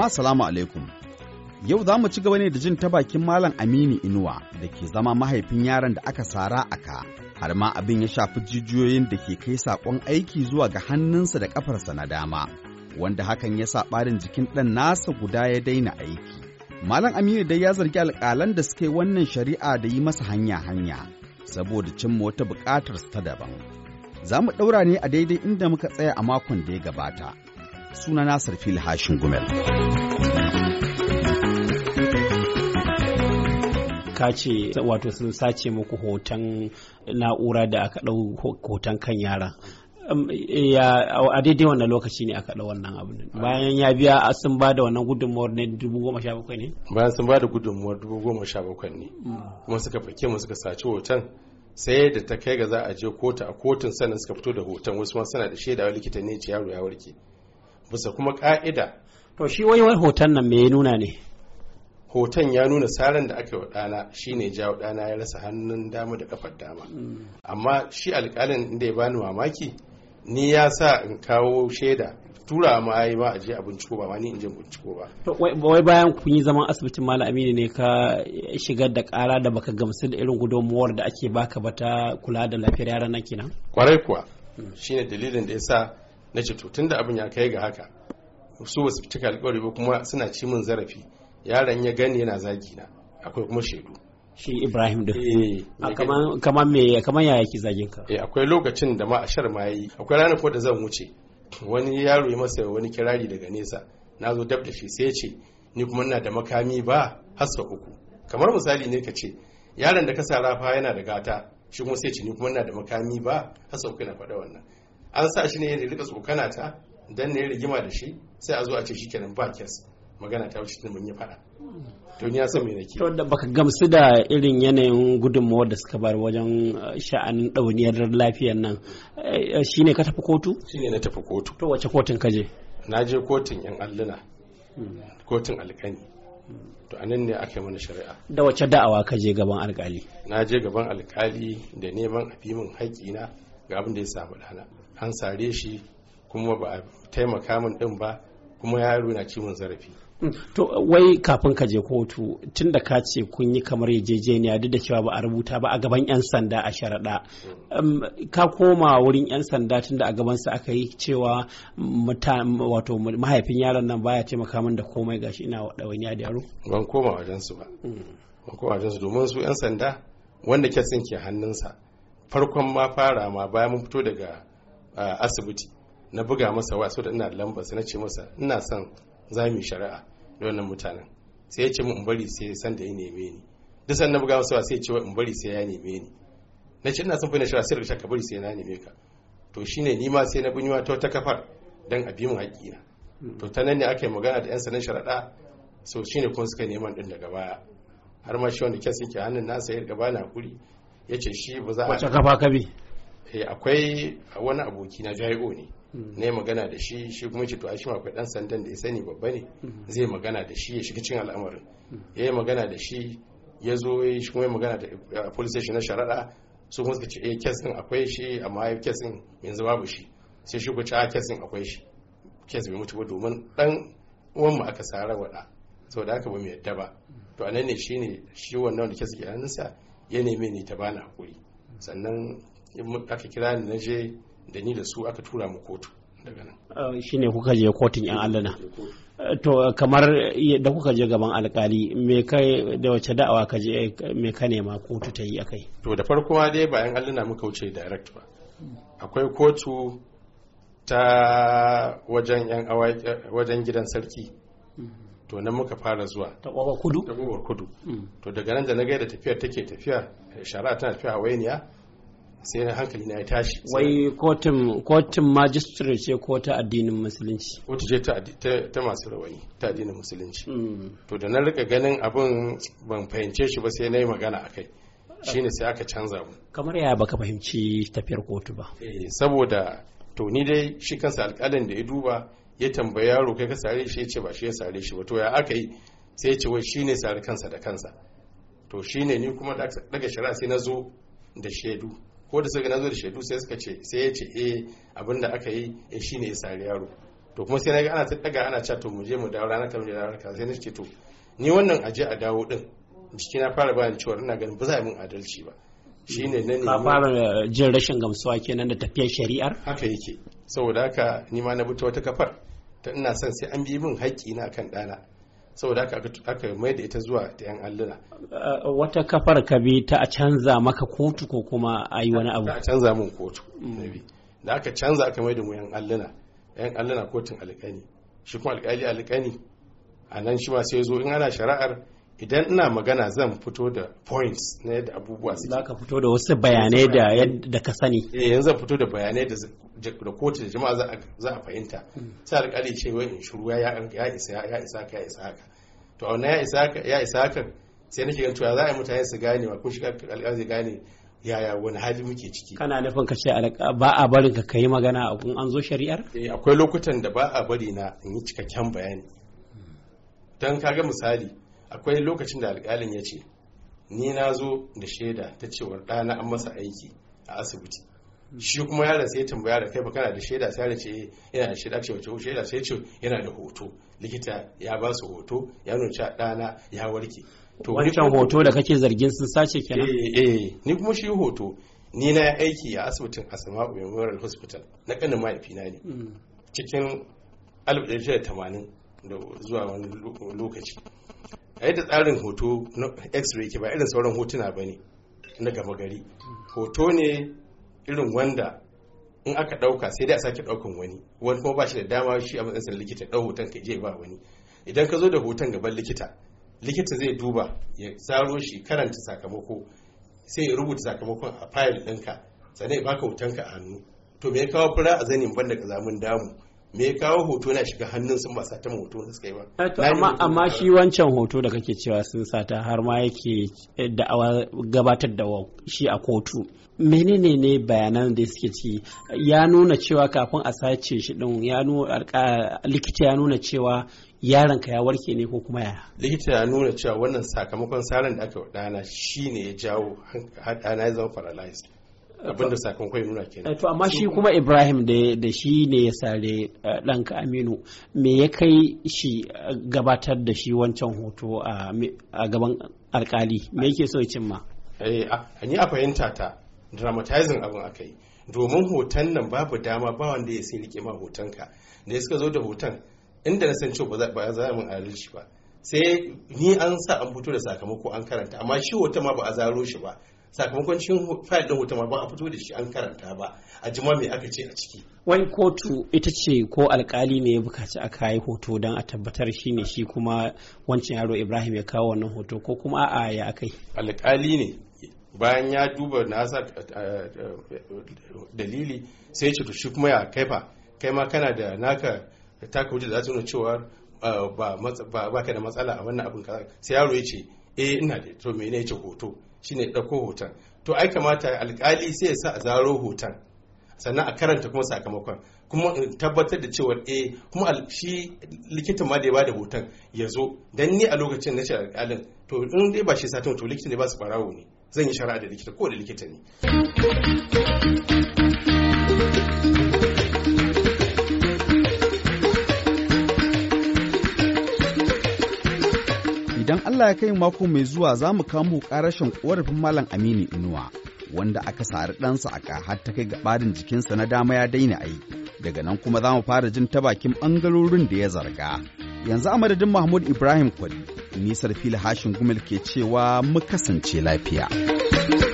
jama'a salamu alaikum yau za mu ci gaba ne da jin ta bakin malam aminu inuwa da ke zama mahaifin yaran da aka sara a ka. har ma abin ya shafi jijiyoyin da ke kai saƙon aiki zuwa ga hannunsa da ƙafarsa na dama wanda hakan ya sa ɓarin jikin ɗan nasa guda ya daina aiki malam aminu dai ya zargi alƙalan da suka yi wannan shari'a da yi masa hanya hanya saboda cimma wata buƙatar ta daban za mu ɗaura ne a daidai inda muka tsaya a makon da ya gabata suna Nasir Fil Hashin Gumel. Ka ce wato sun sace muku hoton na'ura da aka ɗau hoton kan yara. ya a daidai wannan lokaci ne aka ɗau wannan abu bayan ya biya sun ba da wannan gudunmuwar ne dubu goma sha bakwai ne bayan sun ba da gudunmuwar dubu goma sha bakwai ne hmm. kuma suka fake mu suka saci hoton sai da ta kai ga za a je kotu a kotun sannan suka fito da hoton wasu ma suna da shaida likita ne ce yaro ya warke bisa kuma ka'ida to shi wai hoton nan me ya nuna ne hoton ya nuna saran da aka yi wa ɗana shine jawo ɗana ya rasa hannun dama da kafar dama mm. amma shi alƙalin da ya bani mamaki ni ya sa in kawo shaida tura ma yi ma a a binciko ba ni in je binciko ba. wai bayan kun yi zaman asibitin malam aminu ne ka shigar da kara da baka gamsu da irin gudunmuwar da ake baka ba ta kula da lafiyar yaran nan kenan. kwarai kuwa mm. shine dalilin da ya sa na ce to da abin ya kai ga haka su ba su cika alkawari ba kuma suna ci min zarafi yaron ya gani yana zagi na akwai kuma shaidu shi ibrahim da eh, kamar me kamar ya ki zagin ka eh akwai lokacin da ma a shar ma yi akwai ranar ko da zan wuce wani yaro ya masa wani kirari daga nesa na zo dab da shi sai ya ce ni kuma ina da makami ba hasa uku kamar misali ne ka ce yaron da ka sa rafa yana da gata shi kuma sai ce ni kuma ina da makami ba hasa uku na faɗa wannan an sa shi ne ya rika tsokana ta dan ne rigima da shi sai a zo a ce kenan ba kes magana ta wuce mun yi fada to ni ya san me nake to da baka gamsu da irin yanayin gudunmawar da suka bar wajen eh, sha'anin dauniyar lafiyar nan eh, shine ka tafi kotu shine na tafi kotu to wace kotun ka je na je kotun yan alluna hmm. kotun alkani to a nan ne aka yi mana shari'a da wace da'awa ka je gaban alkali na je gaban alkali da neman a min haƙƙina ga abin da ya samu dana an sare shi kuma ba a taimaka min din ba kuma yaro na cimin zarafi hmm. to wai kafin ka je kotu tun da ka ce kun yi kamar yarjejeniya duk da cewa ba a rubuta ba a gaban 'yan sanda a sharaɗa um, ka koma wurin 'yan sanda tun da a su aka yi cewa wato mahaifin yaron nan baya taimaka min da komai gashi ina wani ya yaro ban koma wajensu ba hmm. ban koma wajensu domin su 'yan sanda wanda ke ke hannunsa farkon ma fara ma bayan mun fito daga asibiti na buga masa waya saboda ina lamba lambar sai na ce masa ina son za mu shari'a da wannan mutanen sai ya ce mu in bari sai san da ya neme ni duk san na buga masa wa sai ya ce in bari sai ya neme ni na ce ina son fina shari'a sai da shaka bari sai na neme ka to shine ni ma sai na bunyiwa ta wata kafar dan a bi mu na to ta nan ne aka yi magana da yan sanin shari'a so shine kuma suka neman din daga baya har ma shi wanda kes yake hannun nasa ya gaba na hakuri ya ce shi ba za a wace kafa ka bi Eh, akwai wani aboki na jai'o ne hmm. yi magana da shi shi kuma ce to a shi akwai dan sandan da ya sani babba ne hmm. zai magana da shi ya shiga cikin al'amarin hmm. ya yi magana da shi ya zo shi kuma ya magana da eh, police station na sharaɗa su kuma suka ce eh kes din akwai shi amma ya kes din yanzu babu shi sai shi ku ci a ah, kes din akwai shi kes bai mutu ba domin dan uwan mu aka sara wada saboda haka ba mu yadda ba to anan ne shi ne shi wannan da kes ke hannunsa ya neme ni ta bani hakuri sannan aka kira ni na je da ni da su aka tura mu kotu daga nan ah, ne kuka je kotun yan allana eh, to kamar da kuka je gaban alkali me kai da wace da'awa ka je me ka nema kotu ta yi akai to da farko dai ba allana muka wuce direct ba akwai kotu ta wajen yan wajen gidan sarki mm-hmm. to nan muka fara zuwa ta kudu ta kudu mm. to daga nan da na gaida da tafiyar take tafiya shari'a tana tafiya a wainiya. sai na hankali na ya tashi wai kotun kotun magistrate ce ko ta addinin musulunci kotu ce ta masu rawani ta addinin musulunci hmm. to da na rika ganin abin ban fahimce shi ba sai na yi magana a kai shine sai aka canza mu kamar yaya baka fahimci tafiyar kotu ba eh, saboda to ni dai shi kansa alƙalin da ya duba ya tambaya yaro kai ka sare shi ya ce ba shi ya sare shi ba to ya aka yi sai ya ce wai shine sare kansa da kansa to shine ni kuma daga shari'a sai na zo da shaidu ko da suka nazo da shaidu sai suka ce sai ya ce eh abinda aka yi eh shine ya sari yaro to kuma sai ga ana ta daga ana cewa to mu je mu dawo ranar ta mu ranar kaza sai na ce to ni wannan aje a dawo din jiki na fara bayan cewa ina ganin ba za a min adalci ba shine na ne ka fara eh, jin rashin gamsuwa kenan da tafiyar shari'ar haka yake saboda haka ni ma na bi ta wata kafar ta ina son sai an bi min haƙƙi na kan ɗana saboda aka aka mai da ita zuwa ta yan allura uh, wata kafar ka bi ta a canza maka kotu ko kuma a yi wani abu ta canza mun kotu da aka canza aka mai da mu yan alluna yan alluna kotun alƙani shi kuma alƙali alƙani a nan shi ma sai zo in ana shari'ar idan ina magana zan fito da points na yadda abubuwa su ka fito da wasu bayanai da yadda ka sani eh yanzu zan fito da bayanai da da kotu da jama'a za a fahimta sai alƙali ce wai in shiru ya isa ya isa ka ya isa haka to a ya isa haka ya isa haka sai nake ganin cewa za a yi mutane su gane wa kun shiga alƙali zai gane yaya wani hali muke ciki kana nufin ka ce ba a barin ka kai magana a kun an zo shari'ar eh, akwai lokutan da ba a bari na in yi cikakken bayani dan kaga misali akwai lokacin da alƙalin ya ce ni na zo da shaida ta cewar ɗana an masa aiki a asibiti shi kuma yaron sai tambaya da kai kana da shaida sai ce yana eh, da shaida ce wace shaida sai ce yana da hoto likita ya ba su hoto ya nuna ɗana ya warke to wancan hoto da kake zargin sun sace kenan eh eh ni kuma shi hoto ni na aiki a asibitin Asma'u Memorial Hospital na kanin na ne hmm. cikin 1980 da zuwa wani lokaci a yadda tsarin hoto na x-ray ke ba irin sauran hotuna ba ne na gama gari hoto ne irin wanda in aka ɗauka sai dai a sake ɗaukan wani wani kuma ba shi da dama shi a matsayin likita ɗau hoton ka je ba wani idan ka zo da hoton gaban likita likita zai duba ya tsaro shi karanta sakamako sai ya rubuta sakamakon a fayil ɗinka sannan ya baka hotonka a hannu to me ya kawo fura a zanin banda kazamin damu me ya kawo hoto na shiga hannun sun ba sata hoto da suka yi ba amma shi wancan hoto da kake cewa sun sata har ma yake eh, da'awa gabatar da shi a kotu menene ne bayanan da suke ci ya nuna cewa kafin a sace shi din ya nuna likita ya nuna cewa yaron ka ya warke ne ko kuma ya likita ya nuna cewa wannan sakamakon sarin da aka wadana shine ya jawo hadana ya zama paralyzed abinda sakamakon nuna kenan eh, to amma shi kuma ibrahim da shi ne ya sare eh, ɗanka aminu me ya kai shi eh, gabatar da shi wancan hoto a gaban alkali me yake so ya cimma eh a fahimta ta dramatizing abin akai kai domin hoton nan babu dama ba wanda ya sai rike ma ka da suka zo da hoton inda na san cewa ba za a min shi ba sai ni an sa an fito da sakamako an karanta amma shi hoton ma ba a zaro shi ba sakamakon cikin fayil din hoton ba a fito da shi an karanta ba a jima mai aka ce a ciki wani kotu ita ce ko alkali ne ya bukaci a yi hoto don a tabbatar shi ne shi kuma wancan yaro ibrahim ya kawo wannan hoto ko kuma a'a ya aka yi alkali ne bayan ya duba nasa eh, eh, dalili sai ya ce shi kuma ya kai kaifa kai ma kana da naka taka hujja da za su nuna cewa eh, ba ka da matsala a wannan abin ka sai yaro ya ce eh ina da to ne ya ce hoto shine ɗauko hoton to ai kamata alkali sai ya sa a zaro hoton sannan a karanta kuma sakamakon kuma tabbatar da cewa eh kuma shi likitan ma da ya bada hoton ya zo dan ni a lokacin na shi alƙalin to in dai ba shi satin to likita ne ba su barawo ne zan yi shari'a da likita ko da likita ne idan Allah ya kai mako mai zuwa za mu kamo ƙarashin ƙorafin Malam Aminu Inuwa, wanda aka sari ɗansa a har ta kai gabarin jikinsa na dama ya daina aiki. Daga nan kuma za mu fara jin ta bakin ɓangarorin da ya zarga. Yanzu a Mahmud Ibrahim Kwali, nisar fili hashin gumel ke cewa mu kasance lafiya.